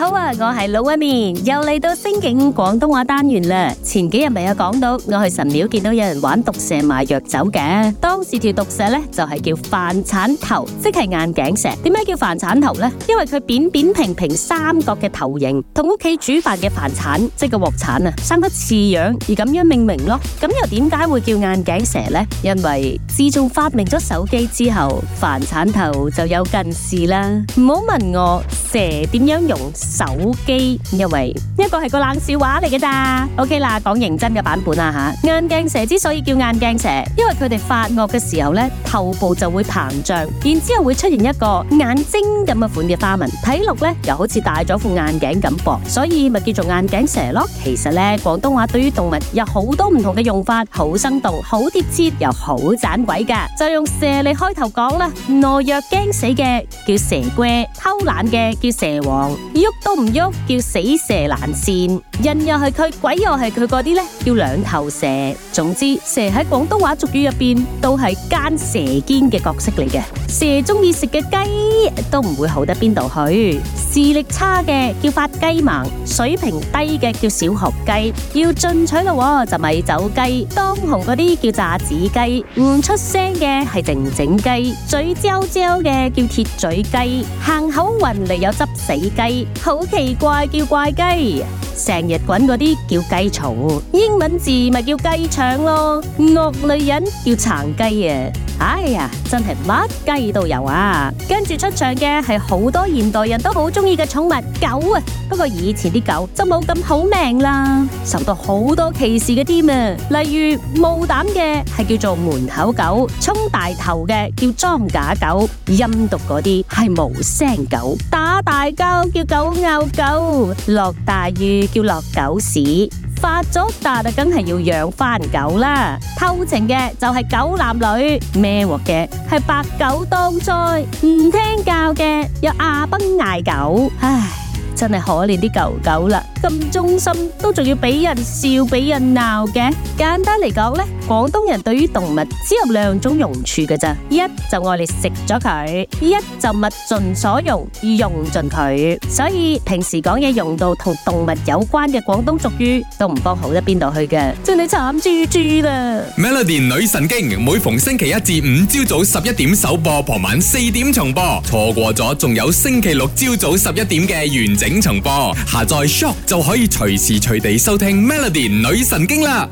好啊，我係老 Melody，又嚟到星景廣東話單元啦。前幾日咪有講到，我去神廟見到有人玩毒蛇賣藥酒嘅。當時條毒蛇咧就係叫飯鏟頭，即係眼鏡蛇。點解叫飯鏟頭咧？因為佢扁扁平平三角嘅頭型，同屋企煮飯嘅飯鏟即個鑊鏟啊，生得似樣而咁樣命名咯。咁又點解會叫眼鏡蛇咧？因為自從發明咗手機之後，飯鏟頭就有近視啦。唔好問我蛇點樣用。手機因為一個係個冷笑話嚟嘅咋，OK 啦，講認真嘅版本啦吓、啊。眼鏡蛇之所以叫眼鏡蛇，因為佢哋發惡嘅時候呢，頭部就會膨脹，然之後會出現一個眼睛咁嘅款嘅花紋，睇落呢又好似戴咗副眼鏡咁薄，所以咪叫做眼鏡蛇咯。其實呢，廣東話對於動物有好多唔同嘅用法，好生動，好貼切，又好盞鬼噶。就用蛇嚟開頭講啦，懦弱驚死嘅叫蛇龜，偷懶嘅叫蛇王，都唔喐叫死蛇爛鱔，人又係佢，鬼又係佢，嗰啲咧叫兩頭蛇。總之蛇喺廣東話俗語入邊都係奸蛇堅嘅角色嚟嘅。蛇中意食嘅雞都唔會好得邊度去，視力差嘅叫發雞盲，水平低嘅叫小學雞，要進取嘅話就咪走雞，當紅嗰啲叫炸子雞，唔出聲嘅係靜靜雞，嘴焦焦嘅叫鐵嘴雞，行口運嚟有執死雞。好奇怪，叫怪雞，成日滾嗰啲叫雞草，英文字咪叫雞腸咯，惡女人叫殘雞啊！哎呀，真係乜雞都有啊！跟住出場嘅係好多現代人都好中意嘅寵物狗啊，不過以前啲狗就冇咁好命啦，受到好多歧視嘅添啊，例如冇膽嘅係叫做門口狗，衝大頭嘅叫裝假狗，陰毒嗰啲係無聲狗。大狗叫狗咬狗，落大雨叫落狗屎，發咗達就梗係要養翻狗啦。偷情嘅就係狗男女，咩鑊嘅係白狗當災，唔聽教嘅又阿崩嗌狗，唉，真係可憐啲狗狗啦，咁忠心都仲要俾人笑俾人鬧嘅，簡單嚟講咧。廣東人對於動物只有兩種用處嘅咋一就愛嚟食咗佢，一,就,一就物盡所用，用盡佢。所以平時講嘢用到同動物有關嘅廣東俗語，都唔幫好得邊度去嘅，即係慘豬豬啦。Melody 女神經每逢星期一至五朝早十一點首播，傍晚四點重播，錯過咗仲有星期六朝早十一點嘅完整重播。下載 Shock 就可以隨時隨地收聽 Melody 女神經啦。